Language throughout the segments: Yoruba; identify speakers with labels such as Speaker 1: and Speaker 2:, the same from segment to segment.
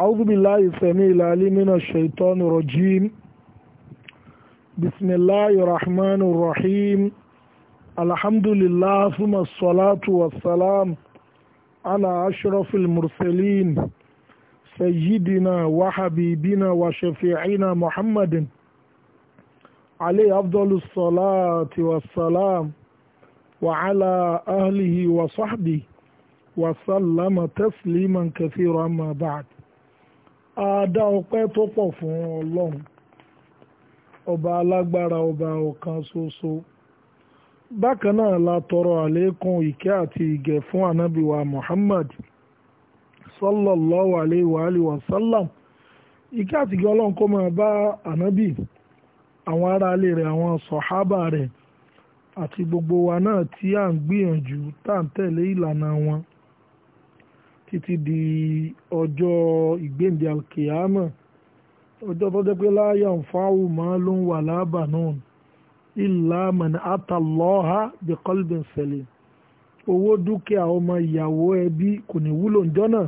Speaker 1: أعوذ بالله السميع العليم من الشيطان الرجيم بسم الله الرحمن الرحيم الحمد لله ثم الصلاة والسلام على أشرف المرسلين سيدنا وحبيبنا وشفيعنا محمد عليه أفضل الصلاة والسلام وعلى أهله وصحبه وسلم تسليما كثيرا ما بعد àádá ọpẹ́ tó pọ̀ fún ọlọ́run ọba alágbára ọba ọ̀kan ṣoṣo bákan náà la tọrọ àlékún ìkẹ́ àti ìgẹ̀ fún anábìwa Muhammad sallallahu alayhi wa alihi wa sallam ìkẹ́ àti ìgẹ̀ ọlọ́run kó máa bá anábì àwọn aráalé rẹ̀ àwọn sọ̀hábà rẹ̀ àti gbogbo wa náà tí à ń gbìyànjú tá à ń tẹ̀lé ìlànà wọn títí di ọjọ́ ìgbéǹde alkiyama ọjọ́ tó jẹ́ pé láyà ń fáwù máa ló ń wà lábà náà ìlà mọ̀nà àtàlọ́ha bí kọ́lbìn sẹ̀lẹ̀ owó dúkìá ọmọ ìyàwó ẹbí kò ní wúlò ń jọ́nà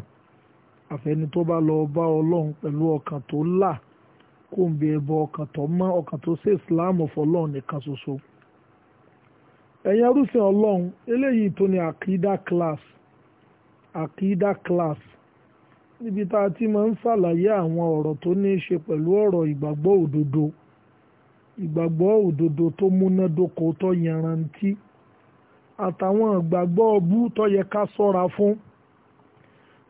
Speaker 1: àfẹni tó bá lọ bá ọlọ́run pẹ̀lú ọkàn tó là kó ń bẹ ẹbọ ọkàn tó mọ́ ọkàn tó ṣe ìsìláàmù fọlọ́run nìkan ṣoṣo ẹ̀yin arúfin ọlọ́run eléyìí tó ní àkídá kíláàsì akida class níbi tá a ti máa ń ṣàlàyé àwọn ọ̀rọ̀ tó ní í ṣe pẹ̀lú ọ̀rọ̀ ìgbàgbọ́ òdodo ìgbàgbọ́ òdodo tó múnádóko tó yanrantí àtàwọn ìgbàgbọ́ ọbú tó yẹ ká sọ́ra fún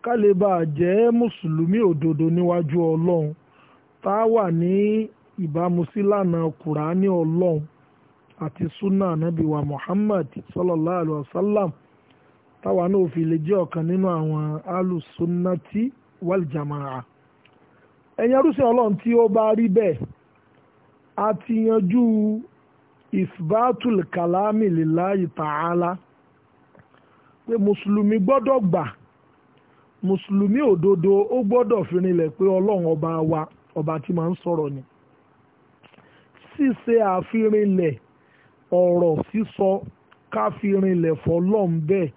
Speaker 1: ká lè bá a jẹ́ mùsùlùmí òdodo níwájú ọlọ́run tá a wà ní ìbámu sílànà kùránì ọlọ́run àti súnà Muhammad sallallahu alayhi wa sallam. táwa náà fi lè jẹ́ ọ̀kan nínú àwọn alùsùnàtì wàlìjàmáà ẹ̀yin arúsẹ̀ ọlọ́run tí ó bá rí bẹ́ẹ̀ a ti yanjú isbatul kalami lillahi ta'ala pé mùsùlùmí gbọ́dọ̀ gbà mùsùlùmí òdodo ó gbọ́dọ̀ fìrìnlẹ̀ pé ọlọ́run ọba wa ọba tí máa ń sọ̀rọ̀ ni ṣíṣe àfìrìnlẹ̀ ọ̀rọ̀ sísọ káfìrìnlẹ̀ fọlọ́run bẹ́ẹ̀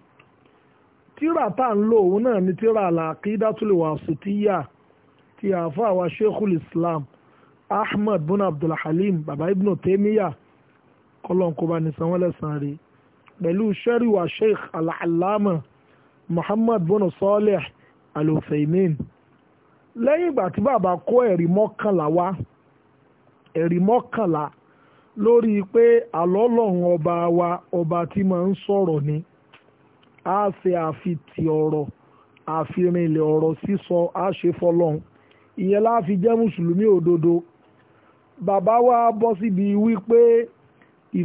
Speaker 1: tíra tá à ń lò òun náà ni tíra al-Aqidatul ti àáfà wa Sheikhul Islam Ahmed bin Abdul Halim baba Ibn Taymiyyah kọlọ́nkọba ní sanwó lẹ́sàn-án rẹ̀ pẹ̀lú sẹ́ríwá Sheikh al-Allama Muhammad bin Salih al-Uthaymin lẹ́yìn ìgbà tí bàbá kó ẹ̀rí mọ́kànlá wá ẹ̀rí mọ́kànlá lórí pé àlọ́ lọ́hùn ọba wa ọba tí máa ń sọ̀rọ̀ ni á ṣe àfi ti ọ̀rọ̀ àfirinlẹ̀ ọ̀rọ̀ sísọ àṣefọlọ́hún ìyẹn láfi jẹ́ mùsùlùmí òdodo bàbá wa bọ́ síbi wípé pe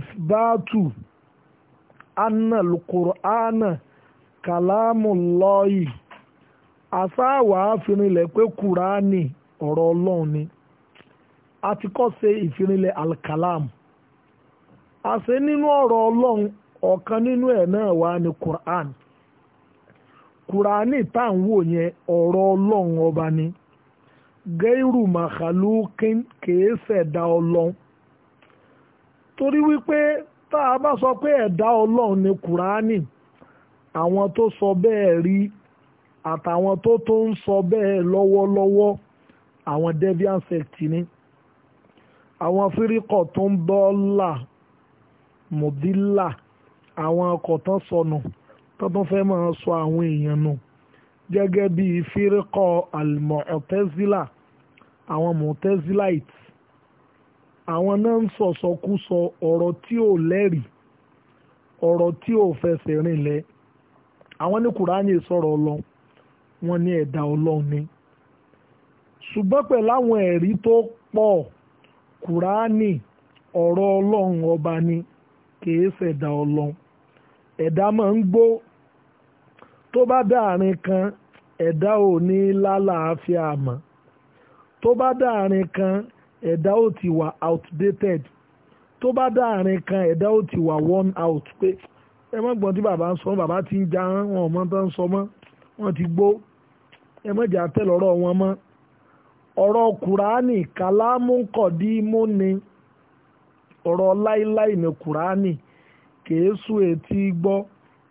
Speaker 1: anna ana kàlámù lọ́ọ̀yì àsáàwà àfirinlẹ̀ pé kùránì ọ̀rọ̀ ọlọ́run ni a ti kọ́ ṣe ìfirinlẹ̀ alkalam àṣẹ nínú ọ̀rọ̀ ọlọ́run ọ̀kan nínú ẹ̀ náà wà ní Quran Kùránì tá à ń wò yẹn ọ̀rọ̀ ọlọ́run ọba ni gẹ́rù màkàlùkín kìí ṣẹ̀dá ọlọ́run torí wípé tá a bá sọ pé ẹ̀dá ọlọ́run ni Kùránì àwọn tó sọ bẹ́ẹ̀ rí àtàwọn tó tó ń sọ bẹ́ẹ̀ lọ́wọ́lọ́wọ́ àwọn deviant sect ni àwọn fíríkọ̀ tó ń bọ́ là mọ̀dílà. àwọn ọkọ̀ tán sọnù tó tún fẹ́ máa sọ àwọn èèyàn nù gẹ́gẹ́ bíi fírikọ́ almọ̀tẹ́zílà àwọn mọ̀tẹ́zíláìtì àwọn náà ń sọ̀sọkúsọ ọ̀rọ̀ tí ò lẹ́rìí ọ̀rọ̀ tí ò fẹsẹ̀ rinlẹ̀ àwọn ní kùránì sọ̀rọ̀ ọlọ́run wọ́n ní ẹ̀dá ọlọ́run ni ṣùgbọ́n pẹ̀lú àwọn ẹ̀rí tó pọ̀ kùránì ọ̀rọ̀ ọlọ́run ọba ni kì í ṣẹ̀dá ọlọ́run ẹ̀dá máa ń gbó tó bá dáàrin kan ẹ̀dá ò ní lálàáfíà mọ́ tó bá dáàrin kan ẹ̀dá ò ti wà outdated tó bá dáàrin kan ẹ̀dá ò ti wà worn out pé ẹ mọ́ gbọ́n tí bàbá ń sọ bàbá ti ń ja wọn ọmọ tó ń sọ mọ́ wọn ti gbó ẹ mọ́ jà tẹ́ lọ́rọ̀ wọn mọ́ ọ̀rọ̀ kùránì kàlámù mú ni ọ̀rọ̀ láíláì ní kùránì kèé sú etí gbọ́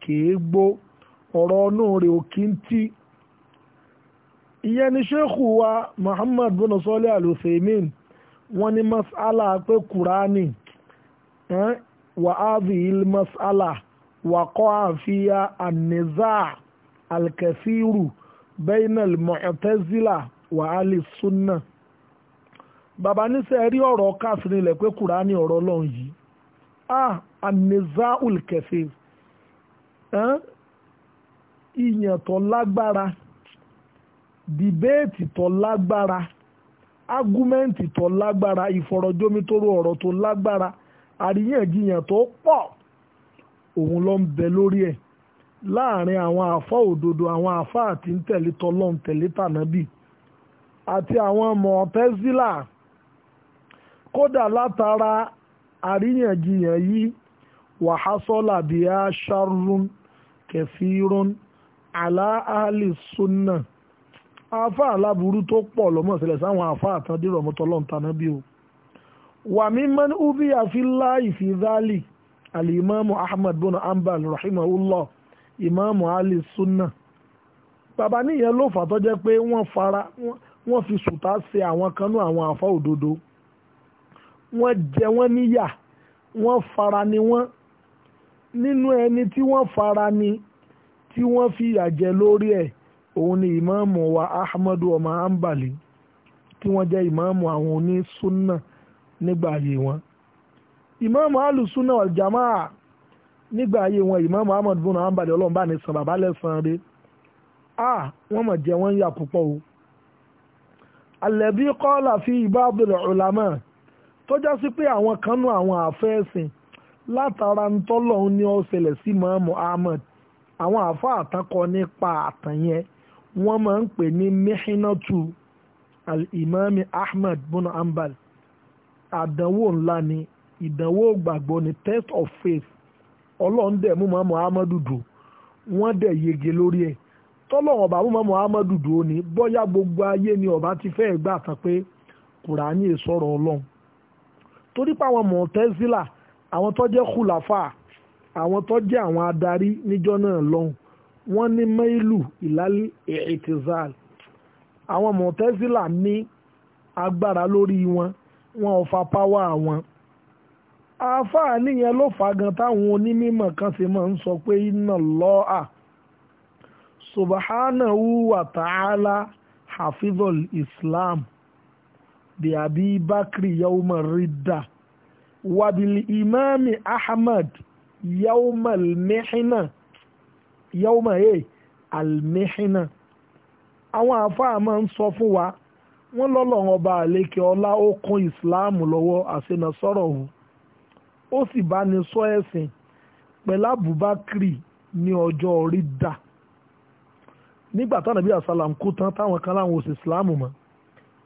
Speaker 1: kèé gbó ọ̀rọ̀ ọ̀nù rẹ̀ ò ń tí ìyẹn ni ṣéèkù wa Muhammad bin Salih Al-Uthaymin wọ́n ní mas'ala pé kùránì wà á fi mas'ala wà kọ́ àfihà ànìzá alkẹfìrù bainal mu'tazila wà á lè bàbá níṣẹ́ rí ọ̀rọ̀ káfíńlẹ̀ pé kùránì ọ̀rọ̀ ọlọ́run yìí ah anizaul kẹfẹ eh? ìyàn tó lágbára dìbéètì tó lágbára ágúmẹ́ǹtì tó lágbára ọ̀rọ̀ tó lágbára àríyànjiyàn tó pọ̀ òun ló ń bẹ lórí ẹ̀ láàrin àwọn àfọ́ òdodo àwọn àfọ́ àti tọlọ́n tẹ̀lé tànábì àti àwọn mọ̀ọ́tẹ́sílà àríyànjiyàn yìí wàhásọ́là bí a ṣarun kẹfìrún aláàlì súnà àáfà aláburú tó pọ̀ lọ́mọ̀sílẹ̀ sáwọn àáfà àtàn dìrọ̀ mọ́tọ́lọ́n tanná bí o wà mí mọ́n ubi àfilá ìfìdálì alìmọ́mù ahmad bin ambal rahimahullah ìmọ́mù alì súnà bàbá níyẹn ló fà tó jẹ́ pé wọ́n fi sùtá ṣe àwọn kanú àwọn àáfà òdodo wọ́n jẹ wọ́n níyà wọ́n fara ni wọ́n nínú ẹni tí wọ́n fara ni tí wọ́n fi yà jẹ lórí ẹ̀ òun ni ìmáàmù wa ahmadu ọmọ ambali tí wọ́n jẹ́ ìmáàmù àwọn onísúnà nígbà ayé wọn ìmáàmù alùsúnà aljamaa nígbà ayé wọn ìmáàmù ahmadu bùnà ambali ọlọ́mbà ní san bàbá lẹ́sàn-án rẹ̀ a wọ́n mọ̀ jẹ́ wọ́n yà púpọ̀ o alẹ́bí kọ́lá fi ba'd al-ulama tó já sí pé àwọn kan nú àwọn àfẹ́ẹ̀sìn látara ń tọ́lọ̀ ní ó ṣẹlẹ̀ sí mọ́ọ́mù ahmed àwọn àfa àtakọ nípa àtàn yẹn wọ́n máa ń pè ní mihinatu al-imami ahmed bin ambal àdánwò ńlá ni ìdánwò gbàgbọ́ ni test of faith ọlọ́run dẹ̀ mú mọ́ọ́mù ahmed dùn wọ́n dẹ̀ yege lórí ẹ̀ tọ́lọ́wọ̀n bàbá mọ́ muhammadu dùn ó ní bọ́yá gbogbo ayé ni ọba ti fẹ́ gbà tán pé kùránì sọ̀rọ̀ ọlọ́run torí pé àwọn mọ̀tẹ́sílà àwọn tó jẹ́ kùlàfà àwọn tó jẹ́ àwọn adarí níjọ́ náà lọ́hùn wọ́n ní mẹ́ìlù ìlàlí ìtìzal àwọn mọ̀tẹ́sílà ní agbára lórí wọn wọn ò fa páwá wọn àáfàá nìyẹn ló fà gan táwọn onímọ̀ kan sì máa ń sọ pé iná lọ́ọ̀à subhanahu wa ta'ala hafizul islam bí àbí bakri yawma ridda wàbílì ìmáàmì ahmad yawma al-mihna yawma ẹ̀ eh, al ma àwọn àfáà máa ń sọ fún wa wọ́n lọ́lọ́run ó sì bá ní sọ ẹ̀sìn pẹ̀lú abubakri ní ọjọ́ orí dà nígbà àsálàm kú tán táwọn kan láwọn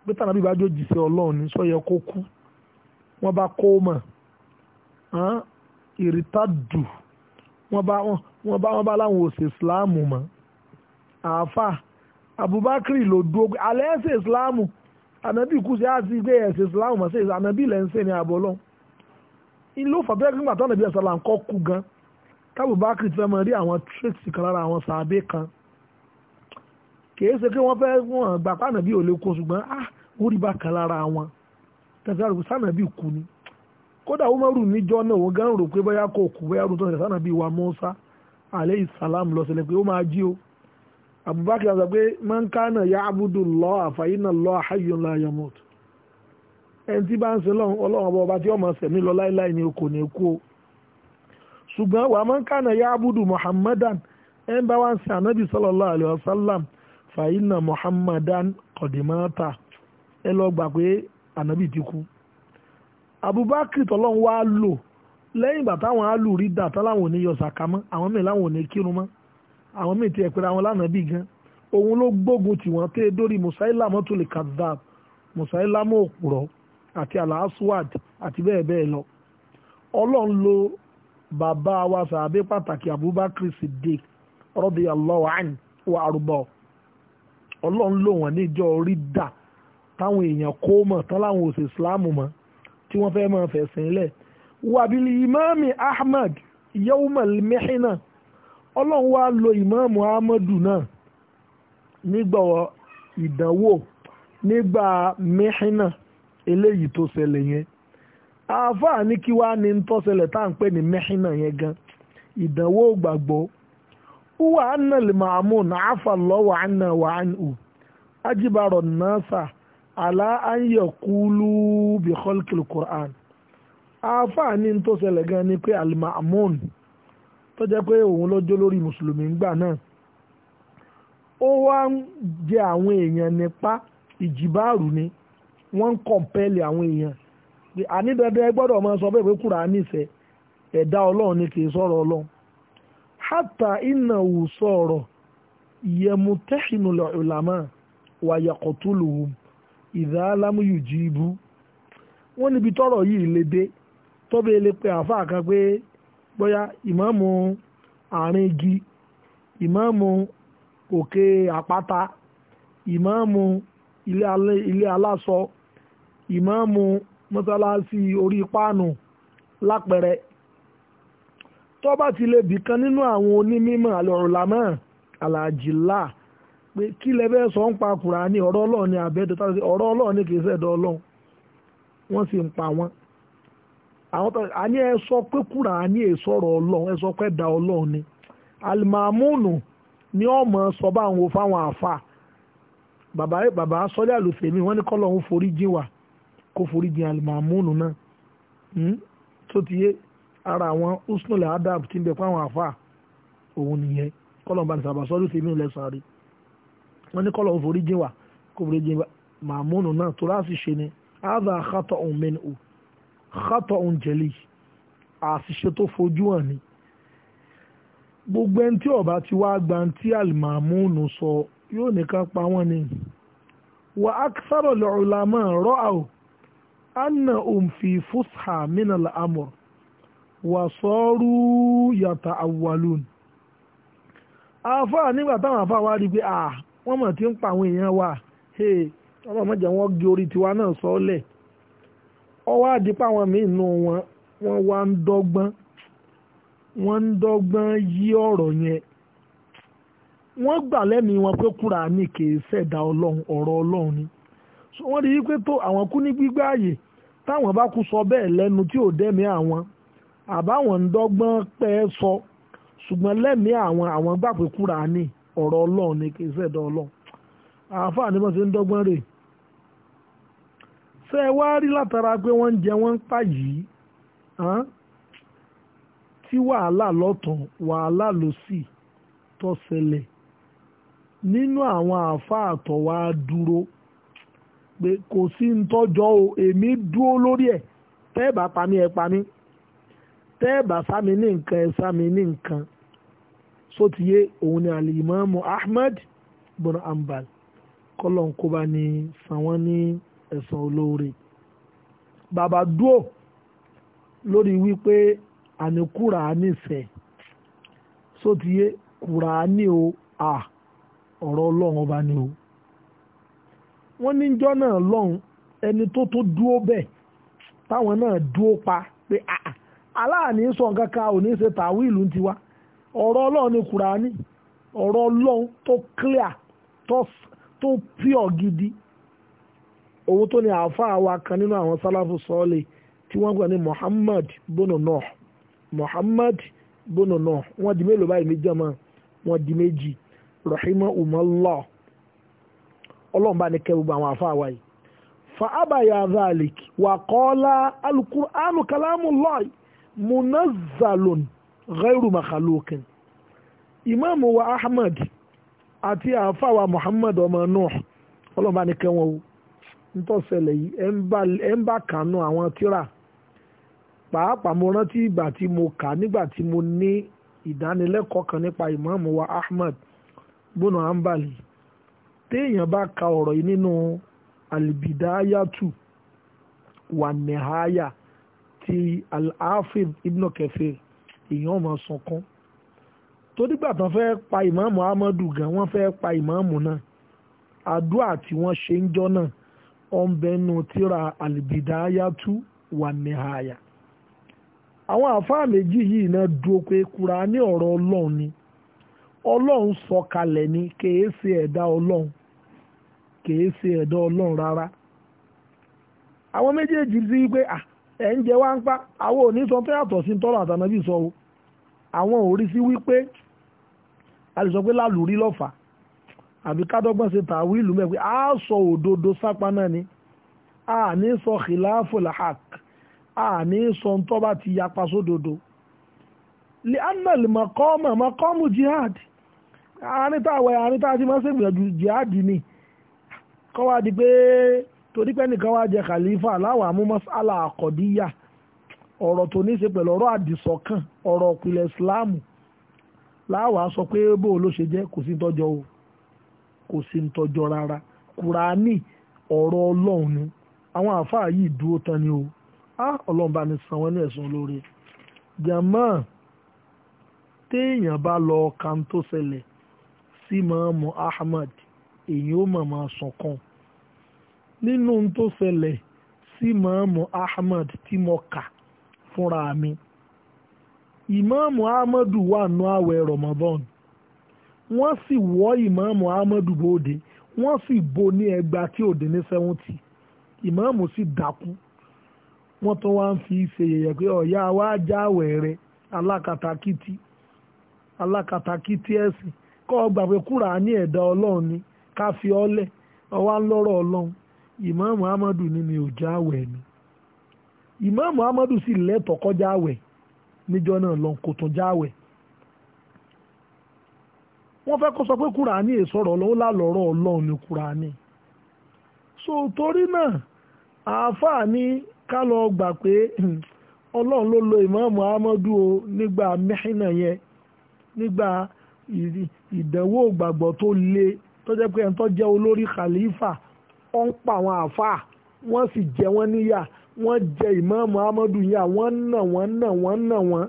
Speaker 1: pé tànà bíbá jó jì sí ọlọ́run ní sọ yẹ kó kú wọ́n bá kó mọ̀ ìrìtàdù wọ́n bá wọ́n bá wọ́n bá láwọn òsè ìsìláàmù mọ́ àáfà Abubakar ló dúró alẹ́ ẹ̀sẹ̀ ìsìláàmù ànábì kú sí àti gbé ẹ̀sẹ̀ ìsìláàmù mọ̀ sí ànábì lẹ́ńsẹ̀ ní àbọ̀ ọlọ́run ìlú fàbẹ́rẹ́ nígbà tó ànábì ẹ̀sẹ̀ là ń kọ́ kú gan kábùbákìrì ti fẹ́ mọ rí àwọn tírèsì kan lára àwọn sàábé kan kìí ṣe kí wọ́n fẹ́ wọ́n gbà pàànà bí òlé kó ṣùgbọ́n ah wọ́n rí bá kan lára wọn tẹ̀sán àrùn sànà bí kú ni kódà umaru níjọ́ náà òun gan rò pé bóyá kò kú bóyá rúntọ́ ṣẹlẹ̀ sànà bí wa mọ́sá aleyhi salam lọ ṣẹlẹ̀ pé ó máa jí o abubakar sọ pé man kana ya abudu lọ àfàyínà lọ hayyun la yamut ẹni tí bá ń ṣe ọlọ́run ọba ọba tí ọmọ sẹ̀mí lọ láíláí ni muhammadan ẹ̀ anabi sallallahu alayhi wa fàyínà muhammadan kọ̀dìmọ́ta ẹ lọ gbà pé ànábì ti kú abubakar tọ́lọ́run wá lò lẹ́yìn ìgbà táwọn alù rí dà tán láwọn ò ní yọ sàkà mọ́ àwọn míì láwọn ò ní kírun mọ́ àwọn míì ti ẹ̀pẹ́rẹ́ àwọn lánàbì gan òun ló gbógun tì wọ́n tẹ́ dórí musailamu tó lè kazzab musailamu àti alaaswad àti bẹ́ẹ̀ bẹ́ẹ̀ lọ ọlọ́run lo bàbá wa sàbẹ́ pàtàkì abubakar siddiq radiyallahu anhu wa arúbọ̀ ọlọ́run lò wọ́n níjọ́ orí dà táwọn èèyàn kó mọ̀ tán láwọn òsè ìsìláàmù mọ́ tí wọ́n fẹ́ máa fẹ̀sìn lẹ̀ wàbílì ìmáàmì ahmad yawmal mihna ọlọ́run wá lo ìmáàmù ahmadu náà nígbà ìdánwò nígbà mihna eléyìí tó ṣẹlẹ̀ yẹn àáfàá ní kí wàá ní tó tá à ń pè ní mihna yẹn gan ìdánwò gbàgbọ́ uwa annal ma'amun afa lọ́wọ́ anna wa anhu ajibaro nasa ala an bi khalqil qur'an afa ni tó ṣẹlẹ̀ gan ni pé al ma'amun tó jẹ́ eyan nipa àwọn ni wọ́n ń kọ̀ǹpẹ́lì àwọn èèyàn àní dandan gbọ́dọ̀ máa sọ bẹ́ẹ̀ pé kúrà nífẹ̀ẹ́ ẹ̀dá hata iná wù sọ̀rọ̀ yẹmutẹ́hìnù lọ́ọ̀lámà wà yàkọ̀tùlùhùn ìdá alámúyù jíìbù wọ́n níbi tọ́rọ̀ yìí lè dé tọ́bẹ̀ lè pe àáfàá kan pé bóyá ìmáàmù àárín igi ìmáàmù òkè àpáta ìmáàmù ilé aláṣọ ìmáàmù mọ́sálásí orí páànù tó bá ti lè bìkan nínú àwọn onímọ̀ àlọ́ọ̀lámọ́ àlàjìlá pé kí lẹ sọ ń pa Kùránì ọ̀rọ̀ Ọlọ́run ni àbẹ́dọ̀ tàbí ọ̀rọ̀ Ọlọ́run ni kìí ṣẹ̀dọ̀ Ọlọ́run wọ́n sì ń pa wọ́n. àwọn tó àní ẹ sọ pé ẹ sọ da ni alimamunu ni ọmọ sọ bá ń fáwọn àfa bàbá bàbá sọ́lé àlùfẹ́mi wọ́n ní kọ́ lọ́run alimamunu náà hmm? ara àwọn usnul adab ti ń bẹ fáwọn àfa òun nìyẹn kọ́lọ̀ bá ní sábà sọ́dún sí inú lẹ́sàn-án rí wọ́n ní kọ́lọ̀ òforí jìn wá kó forí jìn wá màmúnù náà tó láti ṣe ni áàdà àkàtọ̀ òun mẹ́nu ò àkàtọ̀ òun jẹ̀lì àṣìṣe tó fojú hàn ni gbogbo ẹni tí ọba ti wá gba ti àlìmàmúnù sọ yóò nìkan pa wọ́n ni wà á sọ̀rọ̀ lọ́rùlámà rọ́ àwò anna òun fi fúsà mínà wàsọ́rú yàtà àwàlùn àfáà nígbà táwọn àfáà wá rí pé à wọ́n mọ̀ tí ń pa àwọn èèyàn wa ọlọ́run má jẹ́ wọ́n gé orí tiwa náà sọ́ọ́lẹ̀ ọwọ́ àdìpá àwọn míì nù wọn wọ́n wá ń dọ́gbọ́n wọ́n ń dọ́gbọ́n yí ọ̀rọ̀ yẹn wọ́n gbà lẹ́mí wọn pé Kùránì kìí ṣẹ̀dá ọ̀rọ̀ ọlọ́run ni wọ́n rí i pé tó àwọn kú ní gbígbá ààyè táwọn bá kú sọ bẹ́ẹ̀ lẹ́nu tí ò dẹ́mi àwọn àbáwọn ń dọ́gbọ́n pẹ́ sọ ṣùgbọ́n lẹ́mìí àwọn àwọn gbà pé Kùránì ọ̀rọ̀ Ọlọ́run ni kì í ṣẹ̀dọ̀ Ọlọ́run àáfàá ni wọ́n ti ń dọ́gbọ́n rè ṣé ẹ wá rí látara pé wọ́n ń jẹ wọ́n ń pa yìí tí wàhálà lọ́tàn wàhálà lọ́sì tó ṣẹlẹ̀ nínú àwọn àáfàá tó wá dúró pé kò sí ń tọ́jọ́ o èmi dúró lórí ẹ̀ tẹ́ bá pa mí ẹ pa mí tẹ́ẹ̀bà sámi ní nǹkan ẹ sámi ní nǹkan sótìyé òun ni alimami ahmed bin ambal kọlọ̀nkóbá ni sàwọn ní ẹ̀sán olóore bàbá dúò lórí wípé àní kúránì sẹ̀ sótìyé kúránì o à ọ̀rọ̀ ọlọ́run ọba ni o wọ́n ní jọ́ náà lọ́hùn ẹni tó tó dúó bẹ́ẹ̀ táwọn náà dúó pa pé àà ala sọ nǹkan kan ò ní ṣe tàwíìlù ti wá ọ̀rọ̀ ọlọ́run ni kùránì ọ̀rọ̀ ọlọ́run tó clear tó gidi owó tó ní àáfàá wa kan nínú àwọn sálàfù sọ́ọ̀lì tí wọ́n gbà ní Muhammad bono Muhammad bono Nuh wọ́n di mélòó báyìí méjì ọmọ di méjì gbogbo àwọn àáfàá wa yìí fa wa kalamu munazzalun ghairu makhluqin ìmáàmù wa ahmad àti àáfàwà muhammad ọmọ nuh ọlọ́mọba ní kẹ́wọ́n o nítòsẹ̀lẹ̀ yìí ẹ̀ ń bá kànú àwọn tíra pàápàá mo rántí ìgbà tí mo kà nígbà tí mo ní ìdánilẹ́kọ̀ọ́ kan nípa ìmáàmù wa ahmad bùnà ambali téèyàn bá ka ọ̀rọ̀ yìí nínú alibidayatu wà nìhayà. ti al-hafid ibn kẹfẹ èèyàn ọmọ sunkún torí tán fẹ́ pa ìmáàmù ahmadu gan wọ́n fẹ́ pa ìmáàmù náà àdúrà tí wọ́n ṣe ń jọ́ náà ọ̀nbẹ́nu tíra al wà nìhàyà àwọn àfáà méjì yìí náà dúró pé ọ̀rọ̀ ọlọ́run ni ọlọ́run sọ kalẹ̀ ni kèé ṣe ẹ̀dá ọlọ́run kèé ṣe ẹ̀dá ọlọ́run rárá àwọn méjèèjì sí pé ah, ẹ̀ ń jẹ wá ń pa àwọn òní sọ tó yàtọ̀ sí tọ́lọ̀ àtànàbí sọ o àwọn ò sí wípé a lè sọ pé lálùrí lọ́fà àbí kádọ́gbọ́n ṣe tà wí ìlú mẹ́pẹ́ a sọ òdodo sápáná ni a ní sọ khilafu lahak a ní sọ tó bá ti yapa sódodo lè anna lè maqama maqamu jihad àárín táwọn àárín táwọn ti máa ń ṣègbìyànjú jihad ni kọ́wá di pé. torí pé nìkan wá jẹ khalifa láwọn amúmọ́sálà àkọ́díyà ọ̀rọ̀ tó ní í ṣe pẹ̀lú ọ̀rọ̀ àdìsọ́kàn ọ̀rọ̀ islam láwàá sọ pé bó ló ṣe jẹ́ kò sí tọ́jọ́ o kò sí tọ́jọ́ rárá kùránì ọ̀rọ̀ ọlọ́run ni àwọn àáfàá yìí dúró tán ni o á ọlọ́run bá ní san wọn ní jàmọ́ téèyàn bá lọ kan tó ṣẹlẹ̀ sí mọ́ọ́mọ́ ahmad ó mọ̀ máa nínú tó ṣẹlẹ̀ sí mọ́ọ̀mù ahmed tí mo kà fúnra mi ìmọ̀ọ̀mù ahmedu wà nù àwẹ̀ ramadan wọ́n sì wọ́ ìmọ̀ọ̀mù ahmedu bóde wọ́n sì bo ní ẹgbàá tí ò ní sẹ́wọ́ntì ìmọ̀ọ̀mù sì dákú wọ́n tún wá ń fi ṣe yẹ̀yẹ̀ pé ọ̀yá wa jáwẹ̀ rẹ alákatakítí alákatakítí ẹ̀sìn kọ́ ọ gbàgbé kúrà ní ẹ̀dá ọlọ́run ni ká fi ọ́ lẹ̀ ọ wá ìmáàmù amadu ní mi ò já ni ìmáàmù amadu sì lẹ́tọ̀ọ́ kọjá àwẹ̀ níjọ́ náà lọ kò tún já àwẹ̀ wọ́n fẹ́ kó sọ pé kúránì èsọ̀rọ̀ ọlọ́wọ́ lálọ́rọ̀ ọlọ́run ní kúránì so torí náà àáfàá ní ká lọ gbà pé ọlọ́run ló lo ìmáàmù amadu o nígbà mẹ́hìnà yẹn nígbà ìdánwò ìgbàgbọ́ tó le tó jẹ́ pé ẹni tó jẹ́ olórí khalifa ó ń pa àwọn àáfàá wọ́n sì jẹ wọ́n níyà wọ́n jẹ ìmáàmù amadu yà wọ́n nà wọ́n nà wọ́n nà wọ́n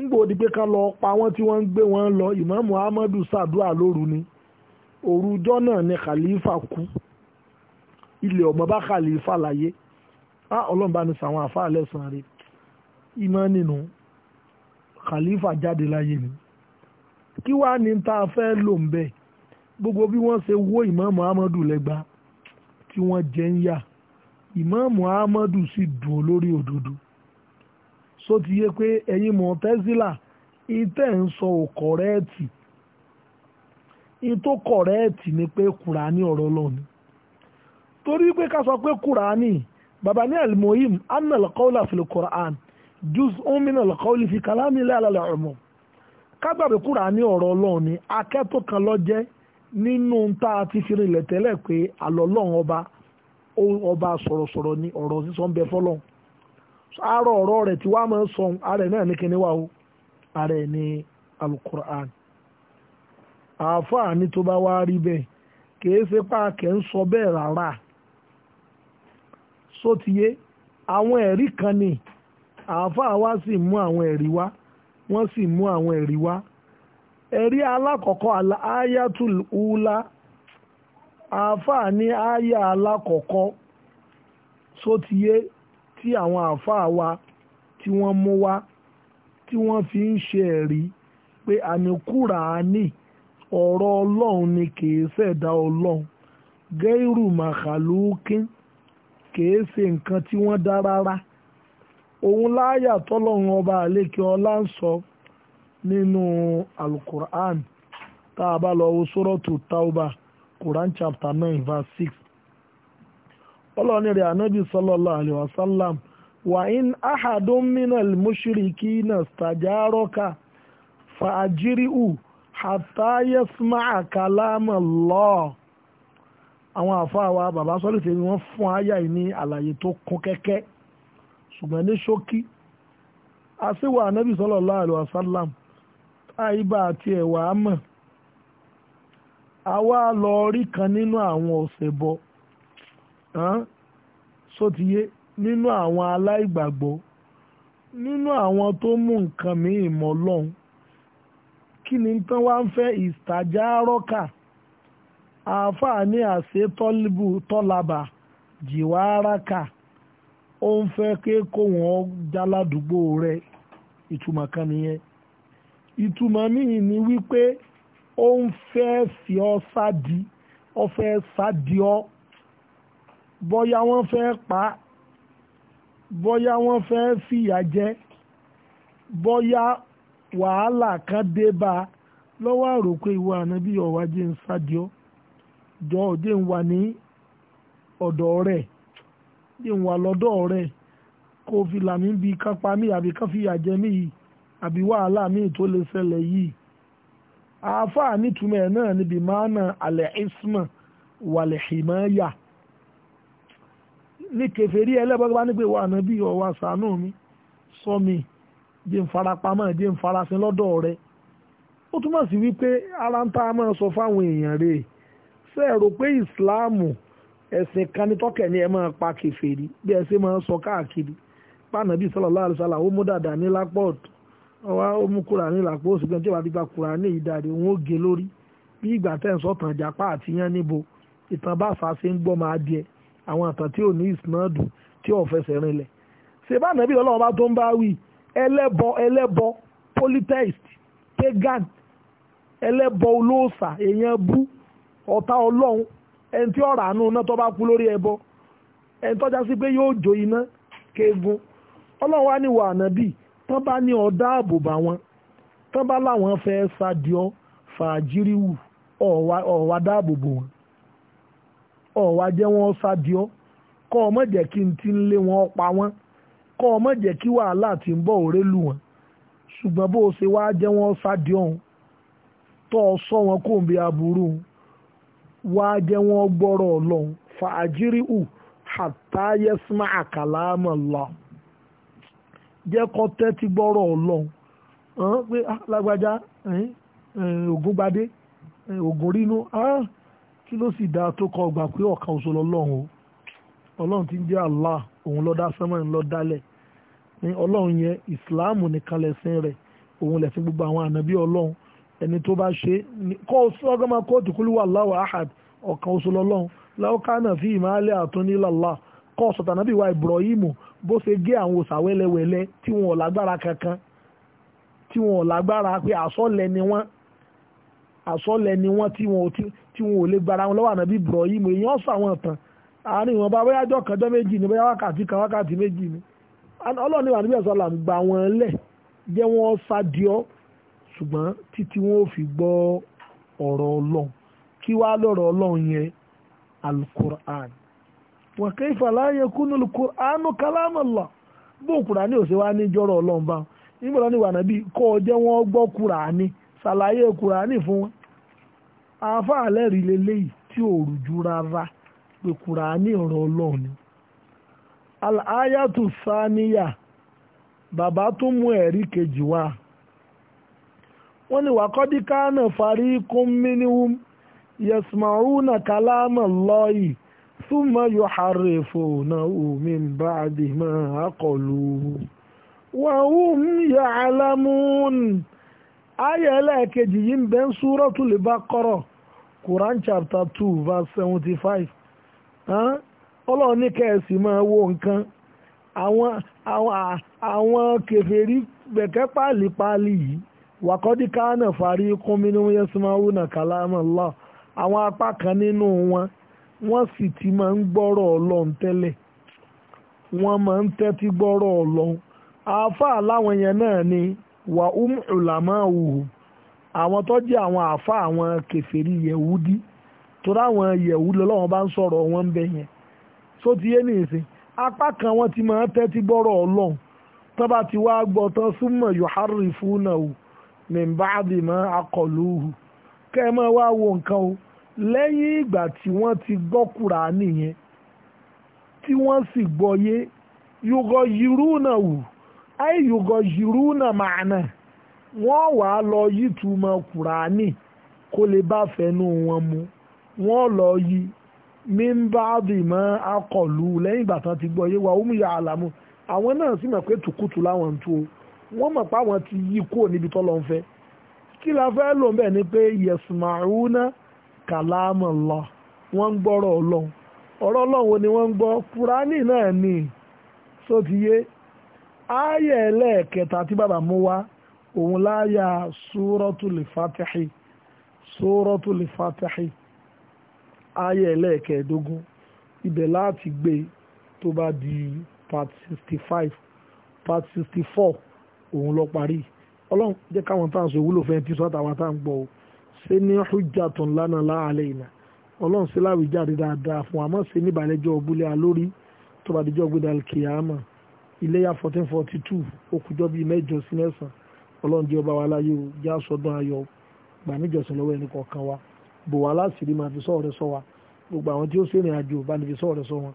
Speaker 1: ńgbò di pé ká lọ pa wọ́n tí wọ́n ń gbé wọn lọ ìmáàmù amadu sàdúrà lóru ni òrùjọ́ náà ni khalifa kú ilé ọmọ bá khalifa láyé á ọlọ́run bá ní sàwọn àáfàá lẹ́sàn-án rẹ̀ ìmọ̀ nínú khalifa jáde láyé ni kí wàá ní ta fẹ́ lò ń bẹ́ẹ̀ gbogbo bí wọ́n ṣe wó ìmáàmù amadu lẹ́gbàá tí wọ́n jẹ ń yà ìmáàmù ahmadu sì dùn olórí òdodo só ti yé pé ẹ̀yin mọ̀ ìtẹ́ ń sọ ò kọ̀rẹ́ẹ̀tì ìtò kọ̀rẹ́ẹ̀tì ni pé kùránì ọ̀rọ̀ lọ́ni torí pé ká sọ pé kùránì bàbá ní alimohim anna alqawla fil qur'an juz omina alqawli fi kalami lẹ́yàlá lẹ́ọ̀mọ́ ká gbàgbé kùránì ọ̀rọ̀ lọ́ni akẹ́tọ̀ kan lọ́jẹ́ nínú nta ati ti fi rinlẹ̀ tẹ́lẹ̀ pé o ọba ọba sọ̀rọ̀sọ̀rọ̀ ni ọ̀rọ̀ sísọ ń bẹ fọ́lọ́run àárọ̀ ọ̀rọ̀ rẹ̀ tí wàá máa ń sọ náà ní kíní o ní alukur'an àáfàá ni tó bá wá rí bẹ́ẹ̀ kìí ṣe páàkẹ́ ń sọ bẹ́ẹ̀ rárá sótìyé àwọn ẹ̀rí kan ni àáfàá wa sì mú àwọn ẹ̀rí wọ́n sì mú àwọn ẹ̀rí ẹ̀rí alákọ̀ọ́kọ́ ayatul ula àáfàá ní aya alákọ̀ọ́kọ́ sótìyé tí àwọn àáfàá wa tí wọ́n mú wá tí wọ́n fi ń ṣe ẹ̀rí pé àníkúrà ọ̀rọ̀ ọlọ́run ni kìí ṣẹ̀dá ọlọ́run gẹ́rù màkàlùkín kìí ṣe nǹkan tí wọ́n dá rárá òun láyà tọ́lọ́run ọba àlékè ọlá ń sọ. So nínú alukur'an tá a bá lọ wo sórọ́tù tauba quran chapter nine verse six ọlọ́ọ̀ni rẹ̀ anabi sallallahu alayhi wa sallam wa in ahadun minal mushrikina stajaraka fa àwọn àfáà bàbá sọ́lì tèmi wọ́n fún àyà yìí ní àlàyé tó kún kẹ́kẹ́ ṣùgbọ́n ní ṣókí àṣìwò anabi sallallahu alayhi àìbá àti ẹ̀wà á mọ̀ àwa lọ rí kan nínú àwọn ọ̀sẹ̀ bọ sótìyé nínú àwọn aláìgbàgbọ́ nínú àwọn tó mú nǹkan míì mọ́ lọ́hùn kí ni tán wá ń fẹ́ ìtajà rọ́kà àáfàá ní àṣẹ tọ́líbù tọ́labà jìwáraka ó ń fẹ́ ké kó jáládùúgbò rẹ̀ ìtumọ̀ kan nìyẹn ìtumọ̀ míì ni wípé ó ń fẹ́ fi ọ sádi ọ fẹ́ sádi ọ bóyá wọ́n fẹ́ pa bóyá wọ́n fẹ́ fìyà jẹ bóyá wàhálà kan dé bá a lọ́wọ́ àrò pé ìwọ ànábì ọ̀wá jẹ́ ń sádi ọ jọ jẹ́ ń wà ní ọ̀dọ̀ rẹ̀ jẹ́ ń wà lọ́dọ̀ rẹ̀ kó fi làmí bí kápá mi àbí káfíyà jẹ mí yìí àbí wàhálà míì tó lè ṣẹlẹ̀ yìí àáfàá nítumọ̀ ẹ̀ náà níbi mánà alẹ́ isma wàlẹ̀ hìmáyà ní kèfèrí ẹlẹ́bọ́n bá ní pé wà náà bí ọwọ́ àṣàánú mi sọ mi jẹ́ ń farapamọ́ jẹ́ ń farasin lọ́dọ̀ rẹ̀ ó túmọ̀ sí wípé ara ń tá a máa sọ fáwọn èèyàn rèé ṣe é rò pé ìsìláàmù ẹ̀sìn kan ni ẹ máa pa kèfèrí bí ẹ ṣe máa sọ káàkiri pàànàbí sallallahu alaihi wasallam ó mú dàdà ní lápọ̀tù ọwọ́ ó mú ní làpò oṣù gan tí wàá ìdarí òun ó gé lórí bí ìgbà tẹ̀ ń sọ̀tàn jàpá àti yán níbo ìtàn bá fà ṣe ń gbọ́ máa díẹ̀ àwọn àtàn tí ò ní ìsìnàdù tí ò fẹsẹ̀ rinlẹ̀ ṣèbá nàbí ọlọ́run bá tó ń bá wí ẹlẹ́bọ ẹlẹ́bọ pagan ẹlẹ́bọ olóòṣà èèyàn bú ọ̀tá ọlọ́run tán bá ní ọ̀dá àbùbà wọn tán bá láwọn fẹ́ ọ̀wá wọn ọ̀wá jẹ́ wọn sadiọ́ kọ́ ọ jẹ́ kí n ti wọn pa wọn kọ́ jẹ́ kí wàhálà ti ń bọ̀ òré lù wọn ṣùgbọ́n bó o ṣe wá jẹ́ wọn sadiọ́ sọ wọn bí aburú wá jẹ́ kọ́ tẹ́tí gbọ́rọ̀ ọlọ́run pé ah, lágbájá ògúngbadé ògùn rínú ah, kí ló sì dáa tó kọ ọgbà pé ọ̀kan òṣò lọ́lọ́run o ọlọ́run ti ń jẹ́ Allah òun ló dá sánmọ̀ ń ló dálẹ̀ ní ọlọ́run yẹn ìsìláàmù nìkan lẹ̀sìn rẹ̀ òun lẹ̀sìn gbogbo àwọn ànábí ọlọ́run ẹni tó bá ṣe kọ́ ọgọ́mà kóòtù kúlú wà Allahu ahad ọ̀kan òṣò lọ́lọ́run láwọ́ kánà fi ìmáàlẹ́ àtúnilàlá kọ́ ọ̀sọ̀tànábì wa Ibrahim bó ṣe gé àwọn òòṣà wẹ́lẹ́wẹ́lẹ́ tí wọn ò lágbára kankan tí wọn ò lágbára pé àsọ̀lẹ̀ ni wọ́n àsọ̀lẹ̀ ni wọ́n tí wọn ò tí wọn ò lè gbára wọn lọ́wọ́ ànábì Ibrahim èèyàn sọ àwọn ìtàn àárín wọn bá bóyá ọjọ́ kanjọ́ méjì ni bóyá wákàtí kan wákàtí méjì ni Ọlọ́run ní wàhálà sọ́la ń gba wọn lẹ̀ jẹ́ wọn sádìọ́ ṣùgbọ́n títí wọn ò fi gbọ́ ọ̀rọ̀ Ọlọ́run kí wàá lọ́rọ̀ Ọlọ́run yẹn al wọ́n kẹ́ ìfàláyẹ kúnnú kùránù kálámù Allah bó kùránì ò sí wá ní wọn ni wà nàbí kọ́ fún wọn àáfàá lẹ́rìí ti tí ò rújú rárá pé kùránì ni. saniya bàbá tún mú ẹ̀rí kejì wá wọ́n ní wàkọ́dí kánà ثم يحرفونه من بعد ما عقلوه وهم يعلمون aya ẹlẹ́ẹ̀kejì yìí ń bẹ ń yi Baqara Quran chapter two verse seventy five ọlọ́run ní kẹ́ẹ̀sì máa wo nǹkan àwọn àwọn bẹ̀kẹ́ pálípálí yìí wàkọ́dí káánà fariqun minhum yasma'una kalam Allah àwọn apá kan nínú wọn wọ́n sì ti máa ń gbọ́rọ̀ ọlọ́run tẹ́lẹ̀ wọ́n máa ń tẹ́tí gbọ́rọ̀ ọlọ́run àáfàá láwọn yẹn náà ni wà um ulama àwọn tó jẹ́ àwọn àáfàá àwọn kèfèrí yẹ̀wúdí torí àwọn yẹ̀wúdí lọ́wọ́n bá ń sọ̀rọ̀ wọn bẹ yẹn só ti yé nìyẹn apá ti máa ń tẹ́tí ti wá gbọ́ tán súnmọ̀ yuharrifunahu lẹ́yìn ìgbà tí wọ́n ti gbọ́ Kùránì yẹn tí wọ́n sì gbọ́yé yúgọ yirúnà wù ayé yúgọ yirúnà màánà wọ́n wàá lọ yìtúmọ̀ Kùránì kó lè bá fẹnu wọn mu wọ́n lọ yí mímbàdì mọ́ akọ̀lù lẹ́yìn ìgbà tán ti gbọ́yé wa ó mú ya àlàmú àwọn náà sì mọ̀ pé tùkùtù láwọn ń tú o wọ́n mọ̀ pé àwọn ti yí kúrò níbi tọ́lọ́ ń fẹ́ kí la fẹ́ lò ń bẹ̀ ni pé yẹ̀sùmáà kàlámọ̀ lọ wọ́n ń gbọ́rọ̀ ọlọ́run ọ̀rọ̀ ọlọ́run ni wọ́n ń gbọ́ kúránì náà ni sótìyé ààyè ẹlẹ́ẹ̀kẹta tí bàbá mú wá òun láyà sórọ́tùlì fàtẹ́hì sórọ́tùlì fàtẹ́hì ààyè ẹlẹ́ẹ̀kẹẹ̀dógún ibẹ̀ láti gbé tó bá di part sixty five part sixty four òun lọ parí ọlọ́run jẹ́ káwọn táwọn sọ ìwúlò fẹ́ẹ́ tí sọ́tà àwọn táwọn gbọ́ o ṣe ní hujjatun lana la alayna ọlọ́run sí láwùjáde dáadáa fún àmọ́ ṣe níbàlẹ́jọ́ òbúlé alórí tó bá dijọ́ gbé dàlù kìyàmà iléyà fourteen forty two okùjọ́ bíi mẹ́jọ sí mẹ́sàn ọlọ́run jẹ́ ọba wa láyé o já sọdún ayọ̀ gbà níjọsìn lọ́wọ́ ẹni kọ̀ọ̀kan wa bò wá láṣìírí máa fi sọ́ọ̀rẹ́ sọ wa gbogbo àwọn tí ó ṣèrìn àjò bá ní fi sọ́ọ̀rẹ́ sọ wọn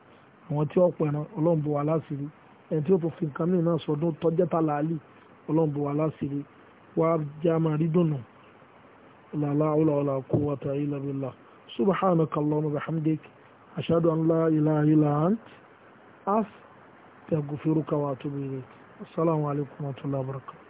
Speaker 1: àwọn tí ó pẹ̀ràn ọlọ́run bò wá láṣìírí ẹni tí ó fi nǹkan mìíràn لا لا حول ولا قوة إلا بالله سبحانك اللهم وبحمدك أشهد أن لا إله إلا أنت أستغفرك وأتوب إليك السلام عليكم ورحمة الله وبركاته